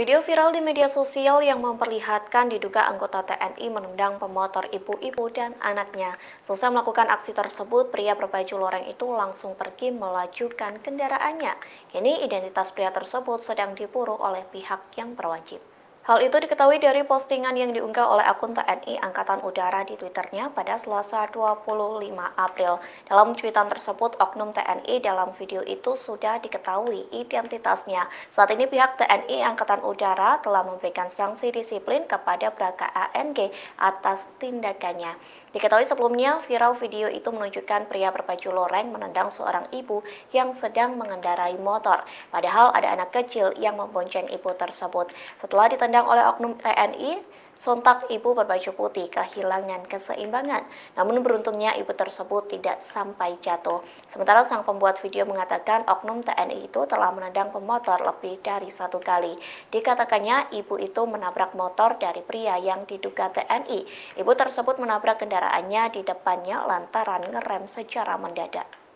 Video viral di media sosial yang memperlihatkan diduga anggota TNI menendang pemotor ibu-ibu dan anaknya. Selesai melakukan aksi tersebut, pria berbaju loreng itu langsung pergi melajukan kendaraannya. Kini identitas pria tersebut sedang diburu oleh pihak yang berwajib. Hal itu diketahui dari postingan yang diunggah oleh akun TNI Angkatan Udara di Twitternya pada Selasa 25 April. Dalam cuitan tersebut, Oknum TNI dalam video itu sudah diketahui identitasnya. Saat ini pihak TNI Angkatan Udara telah memberikan sanksi disiplin kepada Braka ANG atas tindakannya. Diketahui sebelumnya, viral video itu menunjukkan pria berbaju loreng menendang seorang ibu yang sedang mengendarai motor. Padahal ada anak kecil yang membonceng ibu tersebut. Setelah ditendang diserang oleh oknum TNI, e sontak ibu berbaju putih kehilangan keseimbangan. Namun beruntungnya ibu tersebut tidak sampai jatuh. Sementara sang pembuat video mengatakan oknum TNI itu telah menendang pemotor lebih dari satu kali. Dikatakannya ibu itu menabrak motor dari pria yang diduga TNI. Ibu tersebut menabrak kendaraannya di depannya lantaran ngerem secara mendadak.